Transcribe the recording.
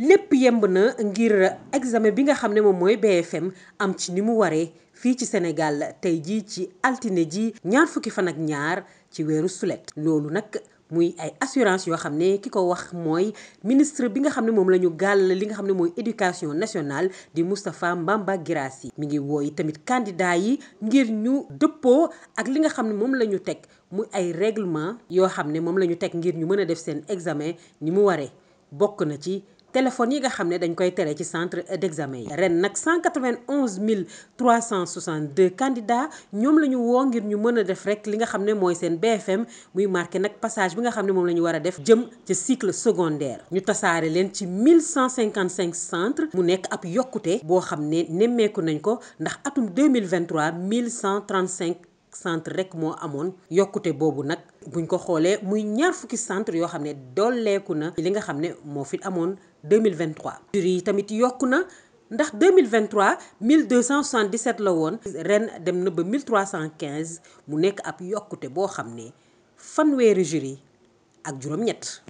lépp yemb na ngir examen bi nga xam ne moom mooy BFM am ci ni mu waree fii ci senegal tey jii ci altine ji ñaar fukki fan ak ñaar ci weeru sulet loolu nag muy ay assurance yoo xam ne ki ko wax mooy ministre bi nga xam ne moom la ñu gàll li nga xam ne mooy éducation nationale di Moustapha Mbamba yi mu ngi wooyi tamit candidat yi ngir ñu dëppoo ak li nga xam ne moom la ñu teg muy ay règlement yoo xam ne moom la ñu teg ngir ñu mën a def seen examen ni mu waree bokk na ci téléphone yi nga xam ne dañ koy tere ci centre d' yi. ren nag 191 362 candidats ñoom la ñu woo ngir ñu mën a def rek li nga xam ne mooy seen BFM muy marqué nag passage bi nga xam ne moom la ñu war a def jëm ci cycle secondaire. ñu tasaare leen ci 1155 centres mu nekk ab yokkute boo xam ne nemmeeku nañ ko ndax atum 2023 1135 centres rek moo amoon yokkute boobu nag. buñ ko xoolee muy ñaar fukki centre yoo xam ne dolleeku na li nga xam ne moo fi amoon 2023 jur yi tamit yokku na ndax 2023 1277 la woon ren dem na ba 1315 mu nekk ab yokkute boo xam ne fanweeri jur yi ak juróom-ñett